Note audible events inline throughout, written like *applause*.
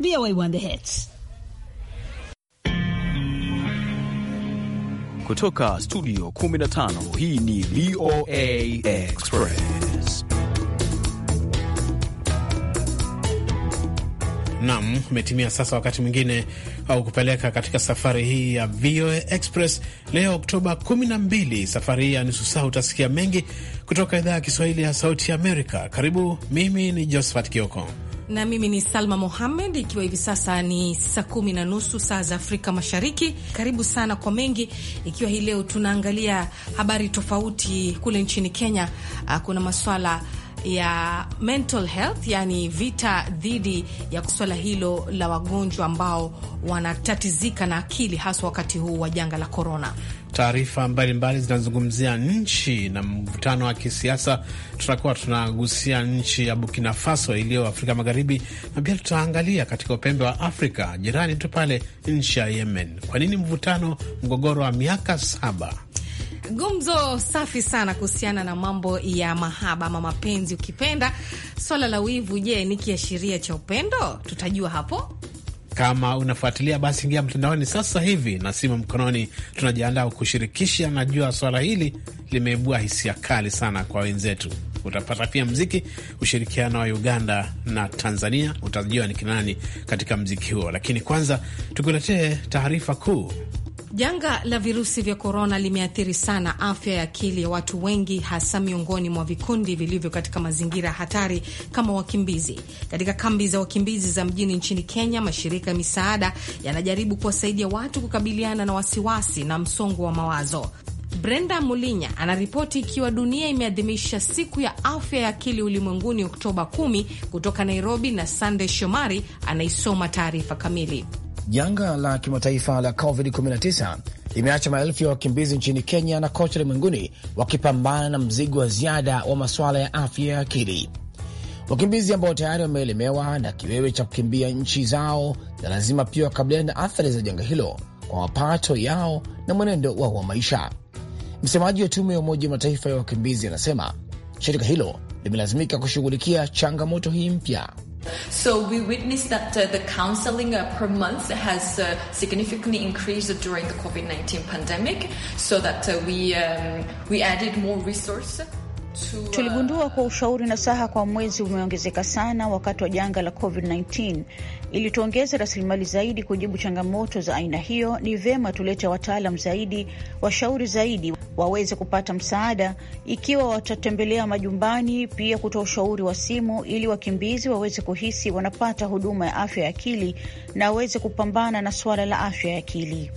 VOA1 The Hits. Kutoka studio 15 hii ni VOA Express. Nam umetimia sasa wakati mwingine au uh, kupeleka katika safari hii ya VOA Express leo Oktoba 12. Safari hii ya nusu saa utasikia mengi kutoka idhaa ya Kiswahili ya Sauti Amerika. Karibu, mimi ni Josephat Kioko na mimi ni Salma Mohamed, ikiwa hivi sasa ni saa kumi na nusu saa za Afrika Mashariki. Karibu sana kwa mengi, ikiwa hii leo tunaangalia habari tofauti kule nchini Kenya. Ah, kuna maswala ya mental health, yani vita dhidi ya swala hilo la wagonjwa ambao wanatatizika na akili, haswa wakati huu wa janga la korona taarifa mbalimbali zinazungumzia nchi na mvutano wa kisiasa. Tutakuwa tunagusia nchi ya Burkina Faso iliyo Afrika Magharibi, na pia tutaangalia katika upembe wa Afrika jirani tu pale, nchi ya Yemen. Kwa nini mvutano, mgogoro wa miaka saba? Gumzo safi sana kuhusiana na mambo ya mahaba ama mapenzi, ukipenda swala la wivu. Je, ni kiashiria cha upendo? Tutajua hapo kama unafuatilia basi, ingia mtandaoni sasa hivi na simu mkononi, tunajiandaa kushirikisha. Najua swala hili limeibua hisia kali sana kwa wenzetu. Utapata pia mziki ushirikiano wa Uganda na Tanzania, utajua ni kinani katika mziki huo, lakini kwanza tukuletee taarifa kuu. Janga la virusi vya korona limeathiri sana afya ya akili ya watu wengi, hasa miongoni mwa vikundi vilivyo katika mazingira hatari kama wakimbizi. Katika kambi za wakimbizi za mjini nchini Kenya, mashirika ya misaada yanajaribu kuwasaidia watu kukabiliana na wasiwasi na msongo wa mawazo. Brenda Mulinya anaripoti ikiwa dunia imeadhimisha siku ya afya ya akili ulimwenguni Oktoba 10 kutoka Nairobi, na Sandey Shomari anaisoma taarifa kamili. Janga la kimataifa la COVID-19 limeacha maelfu ya wakimbizi nchini Kenya na kote ulimwenguni wakipambana na mzigo wa ziada wa masuala ya afya ya akili. Wakimbizi ambao tayari wameelemewa na kiwewe cha kukimbia nchi zao, na lazima pia wakabiliana na athari za janga hilo kwa mapato yao na mwenendo wao wa maisha. Msemaji wa tume ya Umoja Mataifa ya wakimbizi anasema shirika hilo limelazimika kushughulikia changamoto hii mpya. So we witnessed that uh, the counseling uh, per month has uh, significantly increased during the COVID-19 pandemic so that uh, we, um, we added more resources. Uh, Tuligundua kwa ushauri na saha kwa mwezi umeongezeka sana wakati wa janga la COVID-19. Ili tuongeze rasilimali zaidi kujibu changamoto za aina hiyo, ni vema tulete wataalam zaidi, washauri zaidi, waweze kupata msaada ikiwa watatembelea majumbani, pia kutoa ushauri wa simu, ili wakimbizi waweze kuhisi wanapata huduma ya afya ya akili na waweze kupambana na suala la afya ya akili.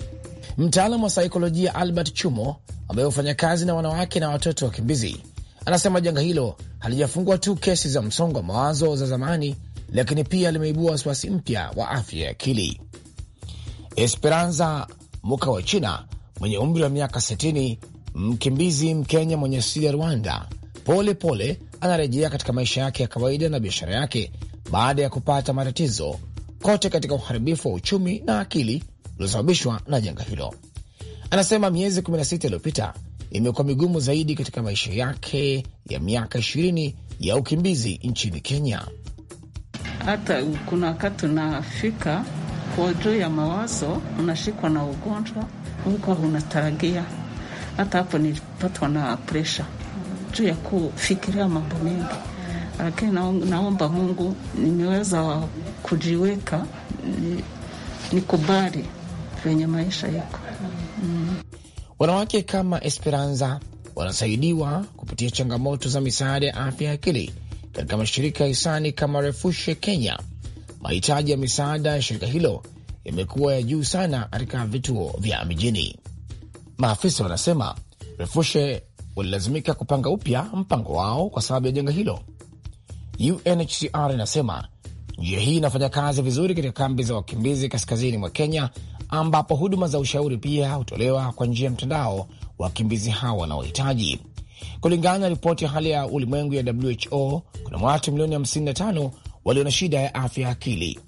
mtaalam wa saikolojia Albert Chumo ambaye hufanya kazi na wanawake na watoto wakimbizi Anasema janga hilo halijafungua tu kesi za msongo wa mawazo za zamani, lakini pia limeibua wasiwasi mpya wa afya ya akili. Esperanza Muka wa China mwenye umri wa miaka 60, mkimbizi Mkenya mwenye asili ya Rwanda, pole pole anarejea katika maisha yake ya kawaida na biashara yake baada ya kupata matatizo kote katika uharibifu wa uchumi na akili uliosababishwa na janga hilo. Anasema miezi 16 iliyopita imekuwa migumu zaidi katika maisha yake ya miaka ishirini ya ukimbizi nchini Kenya. Hata kuna wakati unafika kwa juu ya mawazo, unashikwa na ugonjwa huko unataragia. Hata hapo nilipatwa na presha juu ya kufikiria mambo mengi, lakini naomba Mungu nimeweza kujiweka nikubali venye maisha yako mm. Wanawake kama Esperanza wanasaidiwa kupitia changamoto za misaada ya afya ya akili katika mashirika ya hisani kama Refushe Kenya. Mahitaji ya misaada ya shirika hilo yamekuwa ya juu sana katika vituo vya mijini. Maafisa wanasema Refushe walilazimika kupanga upya mpango wao kwa sababu ya janga hilo. UNHCR inasema njia hii inafanya kazi vizuri katika kambi za wakimbizi kaskazini mwa Kenya ambapo huduma za ushauri pia hutolewa kwa njia ya mtandao wakimbizi hawa wanaohitaji. Kulingana na ripoti ya hali ya ulimwengu ya WHO, kuna watu milioni 55 walio na shida ya afya ya akili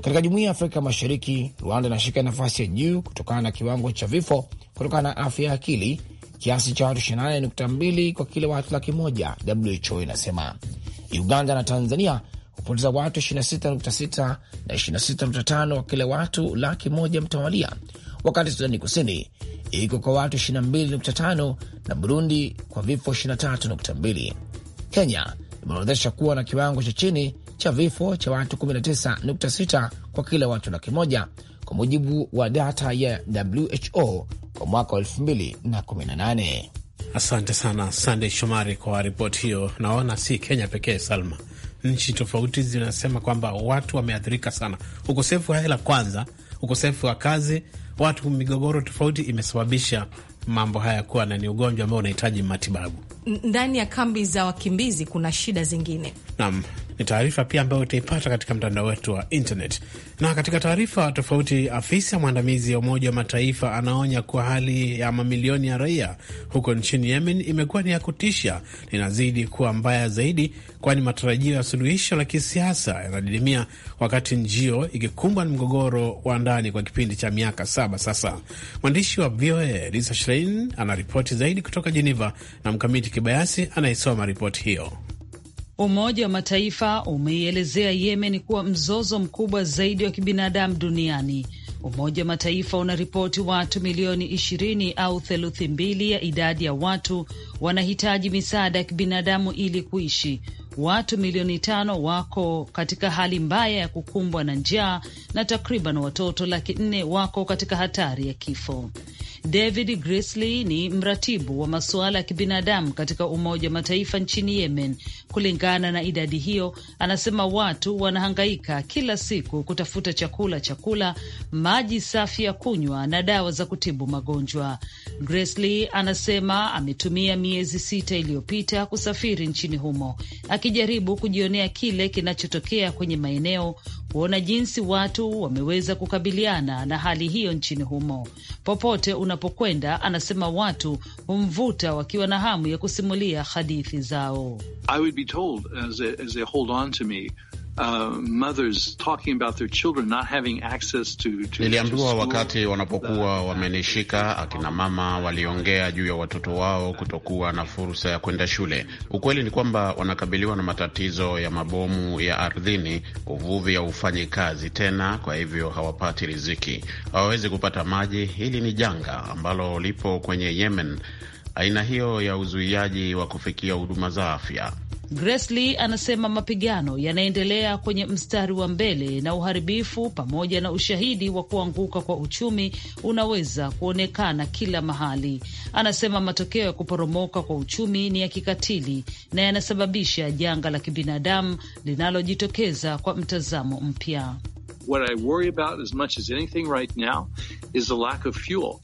katika jumuiya ya Afrika Mashariki. Rwanda inashika nafasi ya juu kutokana na kiwango cha vifo kutokana na afya ya akili, kiasi cha watu 28.2 kwa kila watu laki moja, WHO inasema. Uganda na Tanzania hupoteza watu 26.6 na 26.5 kwa kila watu laki moja mtawalia, wakati Sudani Kusini iko kwa watu 22.5 na Burundi kwa vifo 23.2. Kenya imeorodhesha kuwa na kiwango cha chini cha vifo cha watu 19.6 kwa kila watu laki moja kwa mujibu wa data ya WHO kwa mwaka wa 2018. Asante sana Sandey Shomari kwa ripoti hiyo. Naona si Kenya pekee, Salma, nchi tofauti zinasema kwamba watu wameathirika sana, ukosefu wa hela kwanza, ukosefu wa kazi, watu, migogoro tofauti imesababisha mambo haya kuwa na ni ugonjwa ambao unahitaji matibabu. Ndani ya kambi za wakimbizi kuna shida zingine. Naam, ni taarifa pia ambayo utaipata katika mtandao wetu wa internet. Na katika taarifa tofauti, afisa mwandamizi ya Umoja wa Mataifa anaonya kuwa hali ya mamilioni ya raia huko nchini Yemen imekuwa ni ya kutisha, inazidi kuwa mbaya zaidi, kwani matarajio ya suluhisho la kisiasa yanadidimia, wakati njio ikikumbwa na mgogoro wa ndani kwa kipindi cha miaka saba sasa. Mwandishi wa VOA Lisa Schlein anaripoti zaidi kutoka Jeneva na Mkamiti Kibayasi anayesoma ripoti hiyo. Umoja wa Mataifa umeielezea Yemen kuwa mzozo mkubwa zaidi wa kibinadamu duniani. Umoja wa Mataifa unaripoti watu milioni 20 au theluthi mbili ya idadi ya watu wanahitaji misaada ya kibinadamu ili kuishi. Watu milioni tano wako katika hali mbaya ya kukumbwa na njaa na takriban watoto laki nne wako katika hatari ya kifo. David Grisley ni mratibu wa masuala ya kibinadamu katika Umoja wa Mataifa nchini Yemen. Kulingana na idadi hiyo, anasema watu wanahangaika kila siku kutafuta chakula chakula maji safi ya kunywa na dawa za kutibu magonjwa. Grisley anasema ametumia miezi sita iliyopita kusafiri nchini humo akijaribu kujionea kile kinachotokea kwenye maeneo kuona jinsi watu wameweza kukabiliana na hali hiyo nchini humo. Popote unapokwenda, anasema watu humvuta wakiwa na hamu ya kusimulia hadithi zao. I would be told as they, as they hold on to me. Uh, niliambiwa wakati wanapokuwa wamenishika, akina mama waliongea juu ya watoto wao kutokuwa na fursa ya kwenda shule. Ukweli ni kwamba wanakabiliwa na matatizo ya mabomu ya ardhini, uvuvi haufanyi kazi tena, kwa hivyo hawapati riziki, hawawezi kupata maji. Hili ni janga ambalo lipo kwenye Yemen, aina hiyo ya uzuiaji wa kufikia huduma za afya Gresly anasema mapigano yanaendelea kwenye mstari wa mbele na uharibifu pamoja na ushahidi wa kuanguka kwa uchumi unaweza kuonekana kila mahali. Anasema matokeo ya kuporomoka kwa uchumi ni ya kikatili na yanasababisha janga la kibinadamu linalojitokeza kwa mtazamo mpya. What I worry about as much as anything right now is the lack of fuel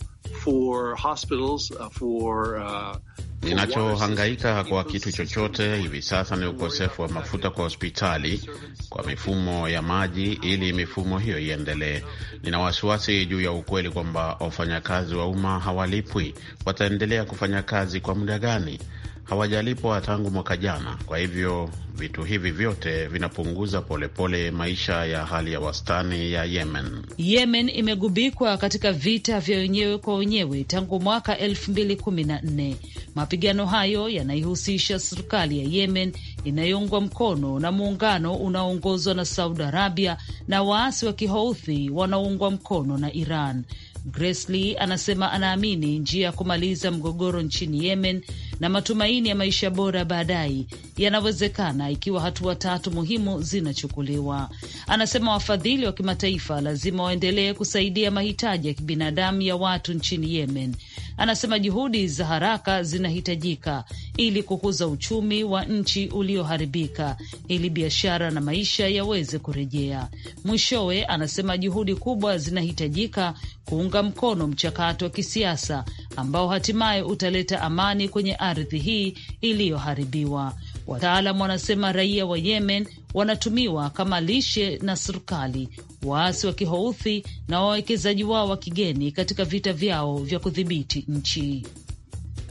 for hospitals, uh, for, uh, Ninachohangaika kwa kitu chochote hivi sasa ni ukosefu wa mafuta kwa hospitali, kwa mifumo ya maji, ili mifumo hiyo iendelee. Nina wasiwasi juu ya ukweli kwamba wafanyakazi wa umma hawalipwi. Wataendelea kufanya kazi kwa muda gani? hawajalipwa tangu mwaka jana. Kwa hivyo vitu hivi vyote vinapunguza polepole pole maisha ya hali ya wastani ya Yemen. Yemen imegubikwa katika vita vya wenyewe kwa wenyewe tangu mwaka nne. Mapigano hayo yanaihusisha serikali ya Yemen inayoungwa mkono na muungano unaoongozwa na Saudi Arabia na waasi wa Kihouthi wanaoungwa mkono na Iran. gresly anasema anaamini njia ya kumaliza mgogoro nchini Yemen na matumaini ya maisha bora baadaye yanawezekana ikiwa hatua tatu muhimu zinachukuliwa. Anasema wafadhili wa kimataifa lazima waendelee kusaidia mahitaji ya kibinadamu ya watu nchini Yemen Anasema juhudi za haraka zinahitajika ili kukuza uchumi wa nchi ulioharibika ili biashara na maisha yaweze kurejea. Mwishowe anasema juhudi kubwa zinahitajika kuunga mkono mchakato wa kisiasa ambao hatimaye utaleta amani kwenye ardhi hii iliyoharibiwa. Wataalam wanasema raia wa Yemen wanatumiwa kama lishe na serikali, waasi wa Kihouthi na wawekezaji wao wa kigeni katika vita vyao vya kudhibiti nchi.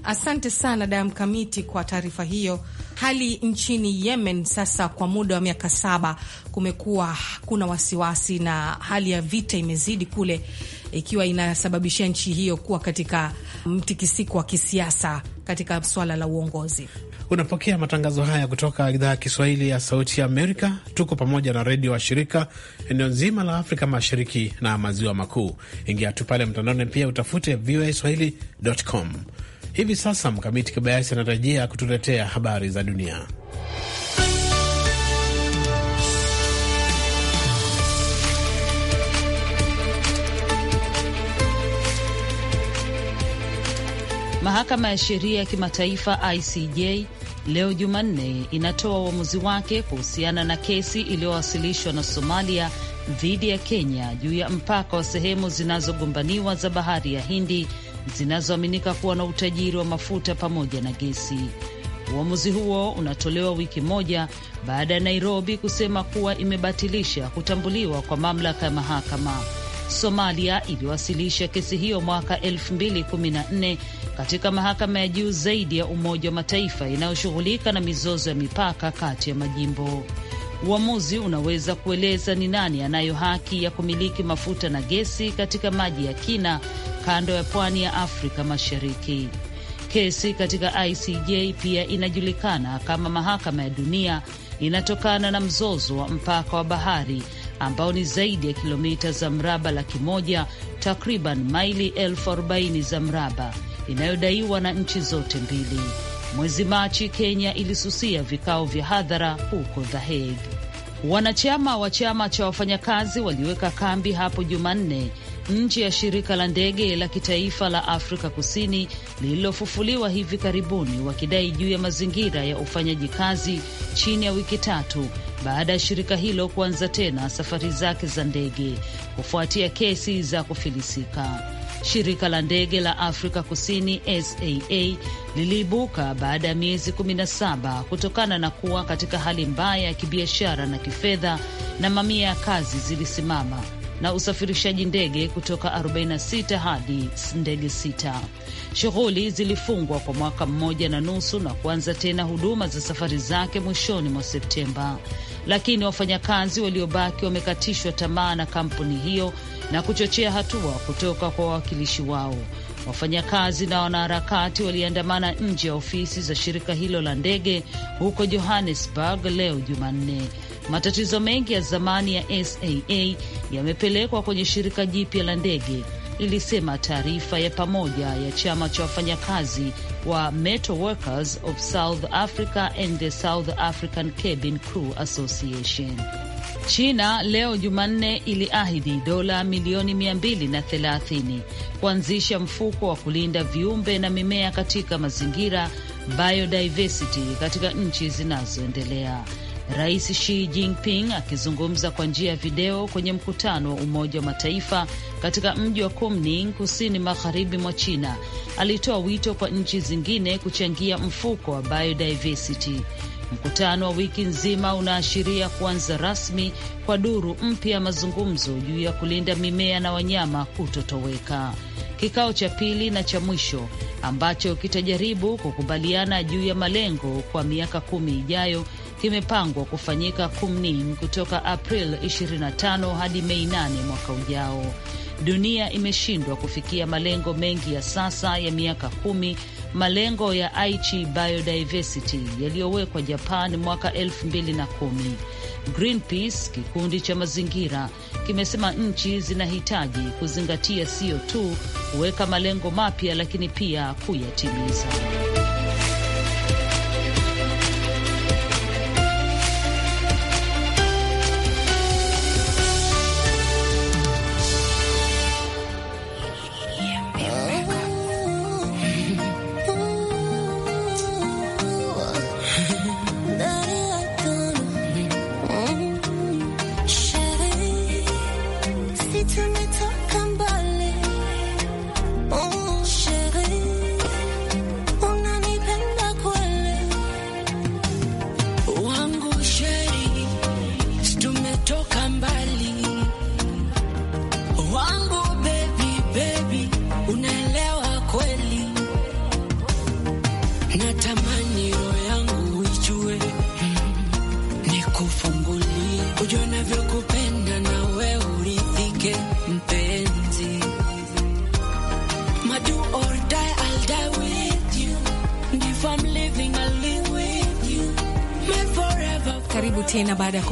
Asante sana Dam Kamiti kwa taarifa hiyo. Hali nchini Yemen sasa kwa muda wa miaka saba kumekuwa kuna wasiwasi na hali ya vita imezidi kule ikiwa inasababishia nchi hiyo kuwa katika mtikisiko wa kisiasa katika swala la uongozi. Unapokea matangazo haya kutoka idhaa ya Kiswahili ya Sauti ya Amerika. Tuko pamoja na redio wa shirika eneo nzima la Afrika Mashariki na Maziwa Makuu. Ingia tu pale mtandaoni, pia utafute VOA swahili.com. Hivi sasa Mkamiti Kibayasi anatarajia kutuletea habari za dunia. Mahakama ya Sheria ya Kimataifa ICJ leo Jumanne inatoa uamuzi wake kuhusiana na kesi iliyowasilishwa na Somalia dhidi ya Kenya juu ya mpaka wa sehemu zinazogombaniwa za Bahari ya Hindi zinazoaminika kuwa na utajiri wa mafuta pamoja na gesi. Uamuzi huo unatolewa wiki moja baada ya Nairobi kusema kuwa imebatilisha kutambuliwa kwa mamlaka ya mahakama. Somalia iliwasilisha kesi hiyo mwaka katika mahakama ya juu zaidi ya Umoja wa Mataifa inayoshughulika na mizozo ya mipaka kati ya majimbo. Uamuzi unaweza kueleza ni nani anayo haki ya kumiliki mafuta na gesi katika maji ya kina kando ya pwani ya Afrika Mashariki. Kesi katika ICJ pia inajulikana kama mahakama ya dunia, inatokana na mzozo wa mpaka wa bahari ambao ni zaidi ya kilomita za mraba laki moja, takriban maili elfu arobaini za mraba inayodaiwa na nchi zote mbili. Mwezi Machi, Kenya ilisusia vikao vya hadhara huko The Hague. Wanachama wa chama cha wafanyakazi waliweka kambi hapo Jumanne nje ya shirika la ndege la kitaifa la Afrika Kusini lililofufuliwa hivi karibuni, wakidai juu ya mazingira ya ufanyaji kazi, chini ya wiki tatu baada ya shirika hilo kuanza tena safari zake za ndege kufuatia kesi za kufilisika. Shirika la ndege la Afrika Kusini SAA liliibuka baada ya miezi 17 kutokana na kuwa katika hali mbaya ya kibiashara na kifedha, na mamia ya kazi zilisimama na usafirishaji ndege kutoka 46 hadi ndege 6. Shughuli zilifungwa kwa mwaka mmoja na nusu na kuanza tena huduma za safari zake mwishoni mwa Septemba, lakini wafanyakazi waliobaki wamekatishwa tamaa na kampuni hiyo na kuchochea hatua kutoka kwa wawakilishi wao. Wafanyakazi na wanaharakati waliandamana nje ya ofisi za shirika hilo la ndege huko Johannesburg leo Jumanne. Matatizo mengi ya zamani ya SAA yamepelekwa kwenye shirika jipya la ndege, ilisema taarifa ya pamoja ya chama cha wafanyakazi wa Metal Workers of South Africa and the South African Cabin Crew Association. China leo Jumanne iliahidi dola milioni 230 kuanzisha mfuko wa kulinda viumbe na mimea katika mazingira biodiversity katika nchi zinazoendelea. Rais Xi Jinping akizungumza kwa njia ya video kwenye mkutano wa Umoja wa Mataifa katika mji wa Kunming kusini magharibi mwa China alitoa wito kwa nchi zingine kuchangia mfuko wa biodiversity. Mkutano wa wiki nzima unaashiria kuanza rasmi kwa duru mpya ya mazungumzo juu ya kulinda mimea na wanyama kutotoweka. Kikao cha pili na cha mwisho ambacho kitajaribu kukubaliana juu ya malengo kwa miaka kumi ijayo kimepangwa kufanyika Kumnin kutoka April 25 hadi Mei 8 mwaka ujao. Dunia imeshindwa kufikia malengo mengi ya sasa ya miaka kumi malengo ya Aichi Biodiversity yaliyowekwa Japan mwaka 2010. Greenpeace, kikundi cha mazingira, kimesema nchi zinahitaji kuzingatia sio tu kuweka malengo mapya, lakini pia kuyatimiza.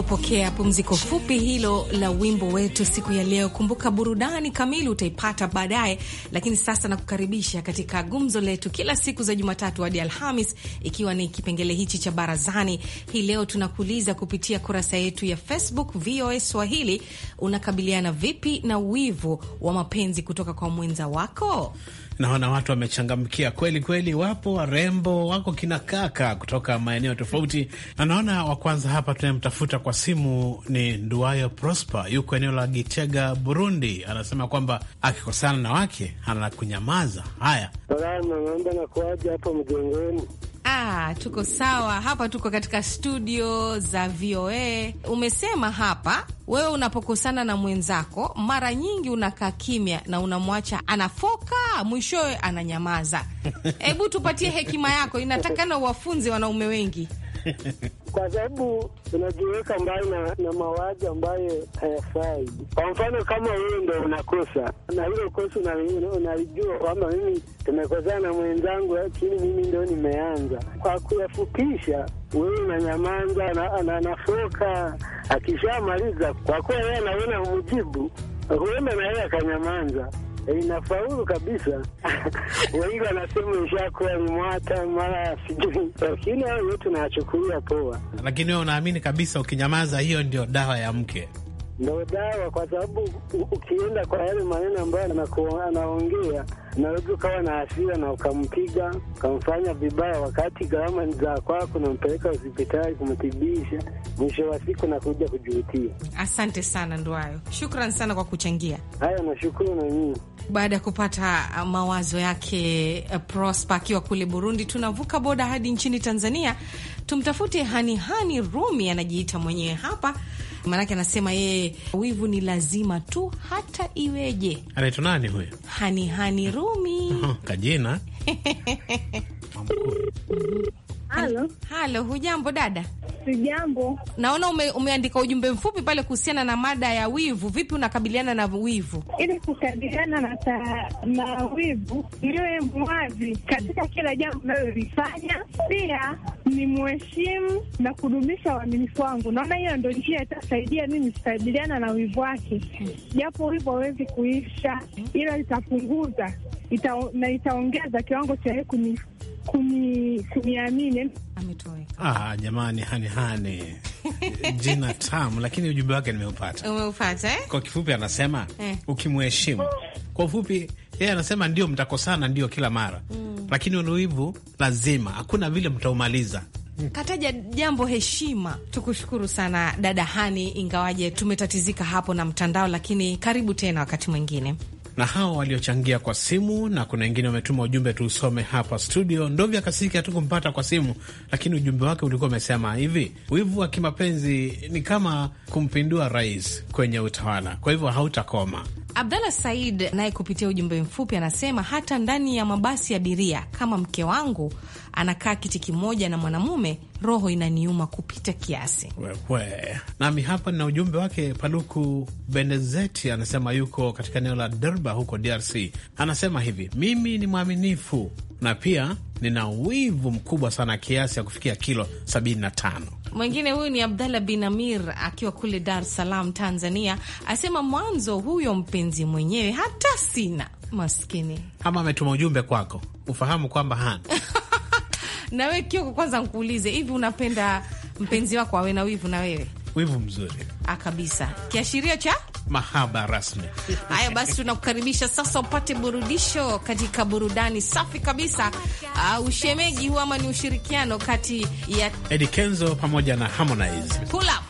kupokea pumziko fupi hilo la wimbo wetu siku ya leo. Kumbuka burudani kamili utaipata baadaye, lakini sasa nakukaribisha katika gumzo letu kila siku za Jumatatu hadi Alhamis, ikiwa ni kipengele hichi cha barazani. Hii leo tunakuuliza kupitia kurasa yetu ya Facebook VOA Swahili, unakabiliana vipi na wivu wa mapenzi kutoka kwa mwenza wako? Naona watu wamechangamkia kweli kweli, wapo warembo, wako kina kaka kutoka maeneo tofauti, na naona wa kwanza hapa tunayemtafuta kwa simu ni nduayo Prosper, yuko eneo la Gitega, Burundi. Anasema kwamba akikosana na wake anakunyamaza. Haya, salama naomba nakuaja hapo mjengoni? Ah, tuko sawa hapa, tuko katika studio za VOA. Umesema hapa wewe unapokosana na mwenzako mara nyingi unakaa kimya na unamwacha anafoka, mwishowe ananyamaza. *laughs* Hebu tupatie hekima yako, inatakana uwafunze wanaume wengi kwa sababu unajiweka mbali na, na mawaji ambayo hayafai. Kwa mfano kama wewe ndo unakosa na hilo kosa unalijua kwamba mimi tumekosana na mwenzangu, lakini mimi ndo nimeanza. Kwa kuyafupisha wewe unanyamaza na na akishamaliza kwa kuwa yeye anaona mujibu huenda na yeye akanyamanza. Eh, inafaulu kabisa. *laughs* Wengi wanasema ishakuwa mwata mara sijui, lakini hayo yote nayachukulia poa. Lakini wewe unaamini kabisa ukinyamaza, hiyo ndio dawa ya mke? ndo dawa, kwa sababu ukienda kwa yale maneno ambayo anaongea naweza ukawa na hasira na ukampiga ukamfanya vibaya, wakati gharama ni za kwako, nampeleka hospitali kumtibisha, mwisho wa siku nakuja kujutia. Asante sana Ndwayo, shukran sana kwa kuchangia haya, nashukuru na nyinyi. Baada ya kupata uh, mawazo yake uh, Prosper akiwa kule Burundi, tunavuka boda hadi nchini Tanzania, tumtafute Hanihani Rumi, anajiita mwenyewe hapa maanake anasema yeye wivu ni lazima tu hata iweje. Anaitwa nani huyo? Hani Hani Rumi. Oh, *laughs* kajina *laughs* Halo. Halo, hujambo dada? Sijambo. Naona ume, umeandika ujumbe mfupi pale kuhusiana na mada ya wivu. Vipi unakabiliana na wivu? Ili kukabiliana na, na wivu, niwe mwazi katika kila jambo unalolifanya, pia ni mheshimu na kudumisha uaminifu wangu. Naona hiyo ndo njia itasaidia mimi kukabiliana na wivu wake, japo wivu hawezi kuisha, ila itapunguza ita, na itaongeza kiwango cha kuni kuniamini. Ah, jamani, *laughs* jina tamu, lakini ujumbe wake nimeupata. Umeupata eh? Kwa kifupi anasema eh, ukimheshimu. Kwa ufupi yeye anasema ndio mtakosana, ndio kila mara mm, lakini unuivu lazima, hakuna vile mtaumaliza. Mm. Kataja jambo heshima. Tukushukuru sana dada Hani, ingawaje tumetatizika hapo na mtandao, lakini karibu tena wakati mwingine na hawa waliochangia kwa simu, na kuna wengine wametuma ujumbe tuusome hapa studio. Ndovya Kasiki hatukumpata kwa simu, lakini ujumbe wake ulikuwa umesema hivi: wivu wa kimapenzi ni kama kumpindua rais kwenye utawala, kwa hivyo hautakoma. Abdalla Said naye kupitia ujumbe mfupi anasema hata ndani ya mabasi ya abiria, kama mke wangu anakaa kiti kimoja na mwanamume, roho inaniuma kupita kiasi. Wewe nami hapa nina ujumbe wake. Paluku Benezeti anasema yuko katika eneo la Derba huko DRC. Anasema hivi, mimi ni mwaminifu na pia nina wivu mkubwa sana kiasi ya kufikia kilo 75 Mwingine huyu ni Abdallah bin Amir akiwa kule Dar es Salaam, Tanzania, asema mwanzo huyo mpenzi mwenyewe hata sina maskini. Ama ametuma ujumbe kwako ufahamu kwamba hana *laughs* nawe Kioko, kwanza nkuulize hivi, unapenda mpenzi wako awe na wivu na wewe? Wivu mzuri ah, kabisa, kiashiria cha mahaba rasmi. Haya basi, tunakukaribisha sasa upate burudisho katika burudani safi kabisa. Uh, ushemeji huu ama ni ushirikiano kati ya Eddie Kenzo pamoja na Harmonize. Pull up.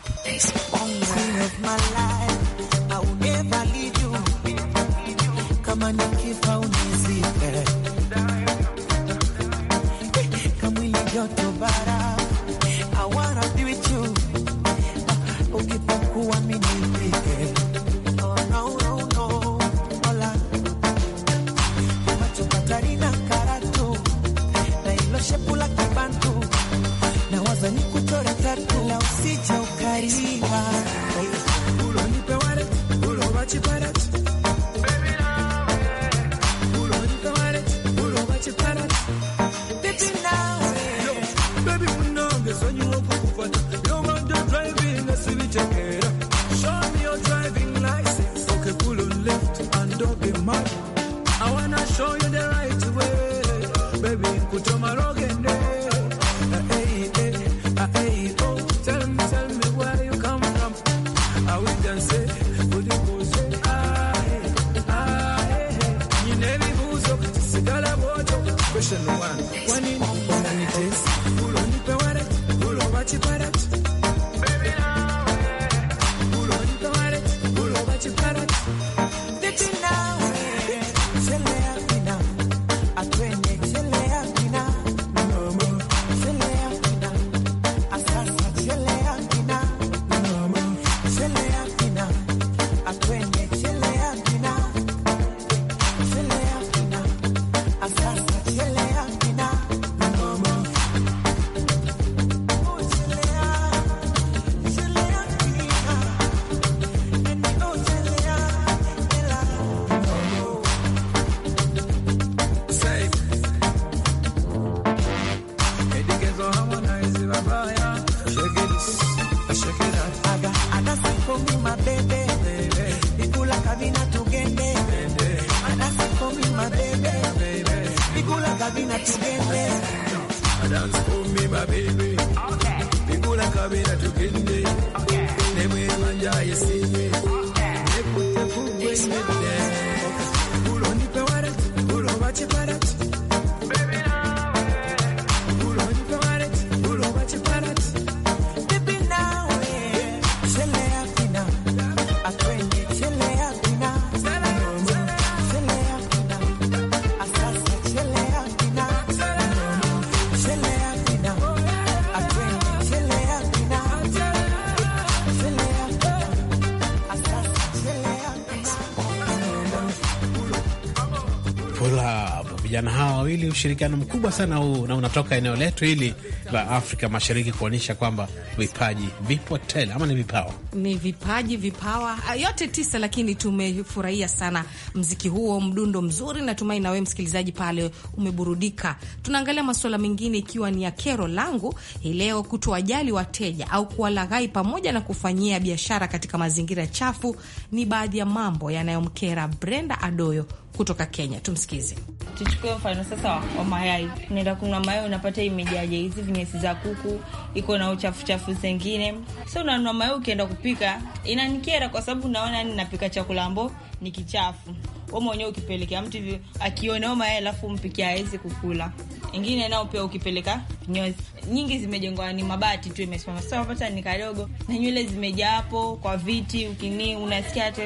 wawili, ushirikiano mkubwa sana huu, na unatoka eneo letu hili la Afrika Mashariki kuonyesha kwamba vipaji vipo tele, ama ni vipawa, ni vipaji, vipawa ah, yote tisa, lakini tumefurahia sana mziki huo, mdundo mzuri. Natumai na wewe msikilizaji pale umeburudika. Tunaangalia masuala mengine, ikiwa ni ya kero langu hii leo, kutowajali wateja au kuwalaghai pamoja na kufanyia biashara katika mazingira chafu, ni baadhi ya mambo yanayomkera Brenda Adoyo kutoka Kenya. Tumsikize. Tuchukue mfano sasa wa mayai, unaenda kununua mayai, unapata imejaja hizi vinyesi za kuku, iko na uchafuchafu zengine. So unanunua mayai, ukienda kupika inanikera, kwa sababu naona ni yaani napika chakula ambo ni kichafu. We mwenyewe ukipelekea mtu hivyo akionao mayai, alafu mpikia awezi kukula. Ingine nao pia ukipeleka nyozi nyingi zimejengwa ni mabati tu, imesimama sasa, unapata ni kadogo na nywele zimejaa hapo kwa viti, ukini unasikia tu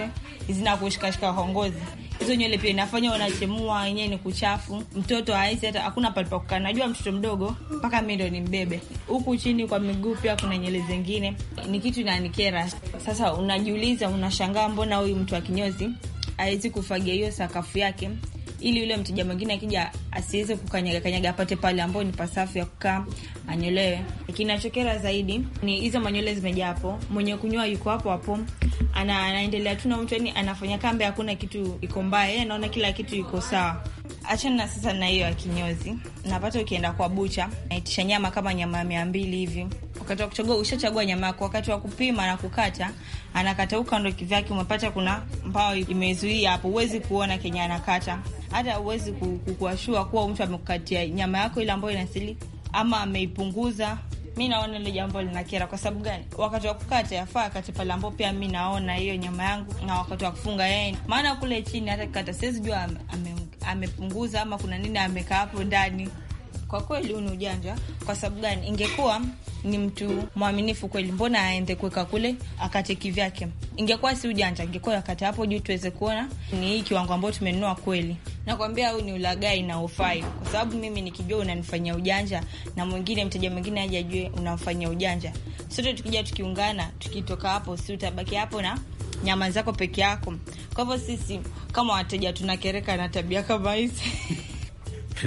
zinakushikashika hongozi hizo nywele pia inafanya wanachemua wenyewe, ni kuchafu. Mtoto aisi hata, hakuna palipa kukaa. Najua mtoto mdogo mpaka mi ndo ni mbebe huku chini kwa miguu, pia kuna nywele zingine, ni kitu inanikera. Sasa unajiuliza, unashangaa mbona huyu mtu wa kinyozi awezi kufagia hiyo sakafu yake ili yule mteja mwingine akija asiweze kukanyaga kanyaga, apate pale ambayo ni pasafu ya kukaa anyolewe. Kinachokera zaidi ni hizo manywele zimejaa hapo, mwenye kunyoa yuko hapo hapo ana, anaendelea tu na mtu, yani anafanya kambe, hakuna kitu iko mbaya, yeye anaona kila kitu iko sawa. Achana sasa na hiyo ya kinyozi, napata ukienda kwa bucha naitisha nyama kama nyama ya mia mbili hivi wakati wa kuchagua ushachagua nyama yako, wakati wa kupima na kukata, anakata anakatauka ndo kivyake, umepata kuna mbao imezuia hapo, huwezi kuona kenye anakata, hata huwezi kukuashua kuwa mtu amekukatia nyama yako ile ambayo inasili ama ameipunguza. Mi naona ile jambo linakera. Kwa sababu gani? Wakati wa kukata yafaa kati pale ambao pia mi naona hiyo nyama yangu, na wakati wa kufunga yeye, maana kule chini hata kikata siwezi jua amepunguza ame, ame ama kuna nini amekaa hapo ndani. Kwa kweli huu ni ujanja. Kwa sababu gani? Ingekuwa ni mtu mwaminifu kweli, mbona aende kuweka kule akate kivyake? Ingekuwa si ujanja, ingekuwa akate hapo juu tuweze kuona ni hii kiwango ambayo tumenunua kweli. Nakwambia huu ni ulagai na ufai, kwa sababu mimi nikijua unanifanyia ujanja na mwingine mteja mwingine aje ajue unamfanyia ujanja, sote tukija tukiungana, tukitoka hapo, si utabaki hapo na nyama zako peke yako. Kwa hivyo sisi kama wateja tunakereka na tabia kama hizi *laughs*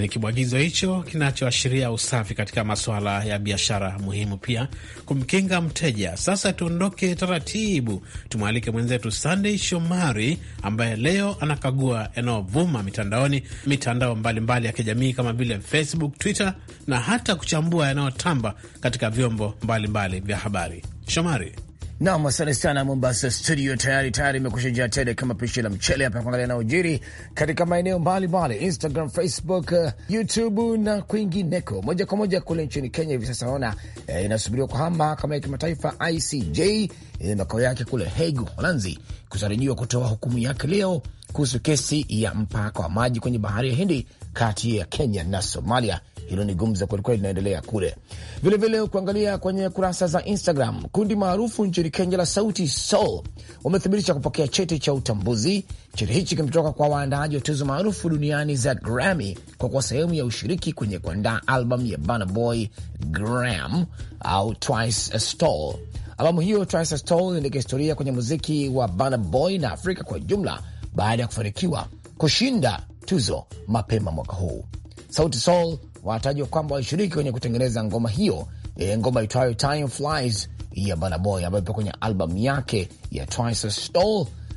ni kibwagizo hicho kinachoashiria usafi katika masuala ya biashara, muhimu pia kumkinga mteja. Sasa tuondoke taratibu, tumwalike mwenzetu sandey Shomari ambaye leo anakagua yanayovuma mitandaoni, mitandao mbalimbali mbali ya kijamii kama vile Facebook, Twitter na hata kuchambua yanayotamba katika vyombo mbalimbali vya habari. Shomari. Nam, asante sana Mombasa studio, tayari tayari imekusha jaa tele kama pishi la mchele hapa kuangalia na ujiri katika maeneo mbalimbali, Instagram, Facebook, uh, YouTube na kwingineko. Moja kwa moja kule nchini Kenya hivi sasa naona eh, inasubiriwa kwa hamu mahakama ya kimataifa ICJ yenye eh, makao yake kule Hague, holanzi kutarajiwa kutoa hukumu yake leo kuhusu kesi ya mpaka wa maji kwenye bahari ya Hindi kati ya Kenya na Somalia hilo ni gumza kwelikweli linaendelea kule. Vilevile kuangalia kwenye kurasa za Instagram, kundi maarufu nchini Kenya la Sauti Sol wamethibitisha kupokea cheti cha utambuzi. Cheti hichi kimetoka kwa waandaaji wa tuzo maarufu duniani za Grammy kwa kuwa sehemu ya ushiriki kwenye kuandaa albamu ya Burna Boy Gram au Twice a Albamu hiyo Twice a inaandika historia kwenye muziki wa Burna Boy na Afrika kwa jumla baada ya kufanikiwa kushinda tuzo mapema mwaka huu. Sauti Sol wanatajwa kwamba walishiriki kwenye kutengeneza ngoma hiyo, e, ngoma itwayo Time Flies ya Burna Boy ambayo ipo kwenye albamu yake ya Twice as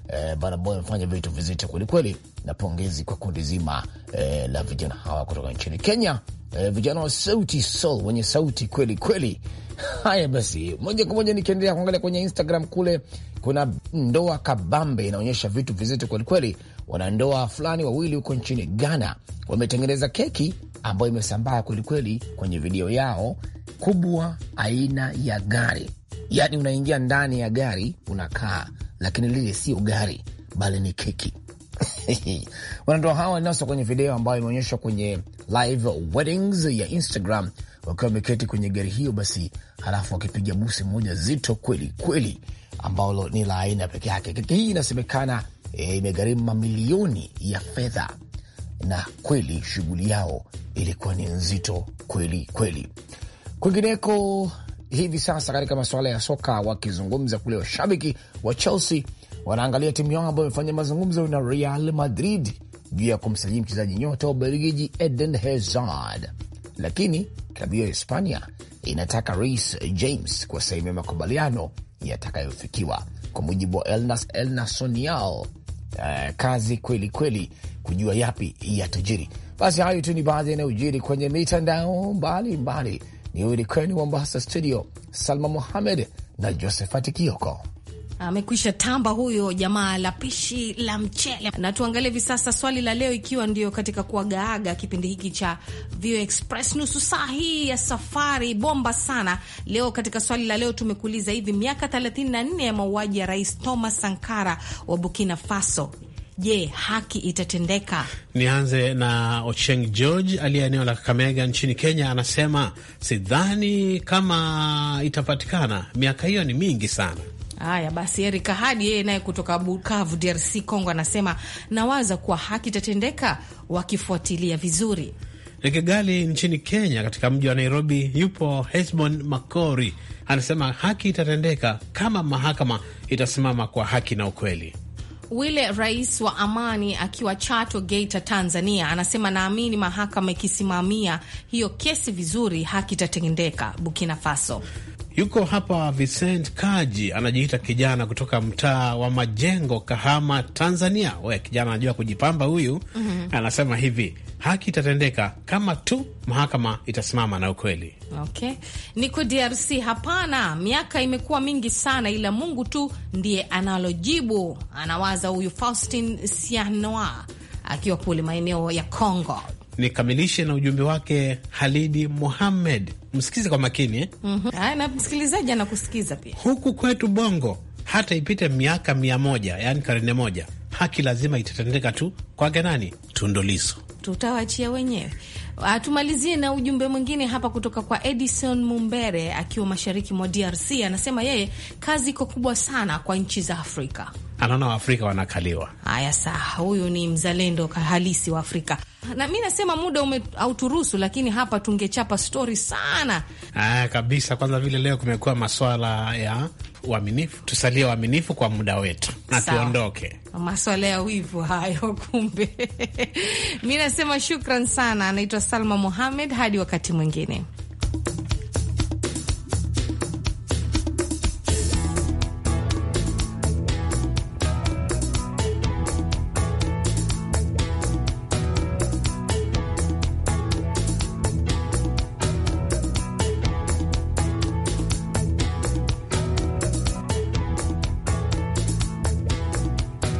E, Burna Boy amefanya vitu vizito kwelikweli, na pongezi kwa kundi zima e, la vijana hawa kutoka nchini Kenya, e, vijana wa sauti soul wenye sauti kweli kweli Haya basi, moja kwa moja nikiendelea kuangalia kwenye Instagram kule, kuna ndoa kabambe inaonyesha vitu vizito kwelikweli. Wanandoa fulani wawili huko nchini Ghana wametengeneza keki ambayo imesambaa kwelikweli kwenye video yao kubwa, aina ya gari. Yaani unaingia ndani ya gari unakaa, lakini lile sio gari, bali ni keki. *laughs* Wanandoa hawa wanaosa kwenye video ambayo imeonyeshwa kwenye live weddings ya Instagram wakiwa wameketi kwenye gari hiyo basi, halafu wakipiga busi moja zito kweli kweli, ambalo ni la aina peke yake. Keki hii inasemekana e, imegharimu mamilioni ya fedha, na kweli shughuli yao ilikuwa ni nzito kweli kweli. Kwingineko hivi sasa katika masuala ya soka, wakizungumza kule, washabiki wa Chelsea wanaangalia timu yao ambayo imefanya mazungumzo na Real Madrid juu ya kumsajili mchezaji nyota wa Ubelgiji Eden Hazard, lakini klabu hiyo ya Hispania inataka Reece James kwa sehemu ya makubaliano yatakayofikiwa, kwa mujibu wa Elnas Elnasonial, Uh, kazi kweli kweli kujua yapi yatajiri. Basi hayo tu ni baadhi yanayojiri kwenye mitandao mbalimbali. Ni urikweni Mombasa studio, Salma muhamed na Josephat Kioko amekwisha tamba huyo jamaa la pishi la mchele. Na tuangalie hivi sasa swali la leo, ikiwa ndio katika kuagaaga kipindi hiki cha Vio Express nusu saa hii ya safari bomba sana leo. Katika swali la leo tumekuuliza hivi, miaka 34 ya mauaji ya Rais Thomas Sankara wa Burkina Faso, Je, haki itatendeka? Nianze na Ocheng George aliye eneo la Kakamega nchini Kenya, anasema sidhani kama itapatikana, miaka hiyo ni mingi sana. Haya basi, Erika Hadi yeye naye kutoka Bukavu, DRC Congo, anasema nawaza kuwa haki itatendeka wakifuatilia vizuri. Nikigali nchini Kenya, katika mji wa Nairobi, yupo Hesbon Makori anasema haki itatendeka kama mahakama itasimama kwa haki na ukweli. Wile rais wa amani akiwa Chato, Geita, Tanzania, anasema naamini mahakama ikisimamia hiyo kesi vizuri, haki itatendeka Bukina Faso. Yuko hapa vicent Kaji, anajiita kijana kutoka mtaa wa Majengo, Kahama, Tanzania. We kijana anajua kujipamba huyu. mm -hmm. Anasema hivi, haki itatendeka kama tu mahakama itasimama na ukweli. Okay, niko DRC. Hapana, miaka imekuwa mingi sana, ila Mungu tu ndiye analojibu, anawaza huyu Faustin Sianoa akiwa kule maeneo ya Congo. Nikamilishe na ujumbe wake Halidi Muhammed msikize kwa makini eh? mm -hmm. Na msikilizaji anakusikiza pia. Huku kwetu Bongo, hata ipite miaka mia moja, yaani karne moja, haki lazima itatendeka tu kwake nani? Tundu Tutawachia wenyewe. Ah, tumalizie na ujumbe mwingine hapa kutoka kwa Edison Mumbere akiwa mashariki mwa DRC. Anasema yeye kazi iko kubwa sana kwa nchi za Afrika anaona Waafrika wanakaliwa. Haya, saa huyu ni mzalendo halisi wa Afrika na mi nasema muda hauturuhusu, lakini hapa tungechapa stori sana. Aya, kabisa. Kwanza vile leo kumekuwa maswala ya uaminifu, tusalie waaminifu kwa muda wetu na tuondoke maswala ya wivu hayo. Kumbe *laughs* mi nasema shukran sana. Anaitwa Salma muhamed hadi wakati mwingine.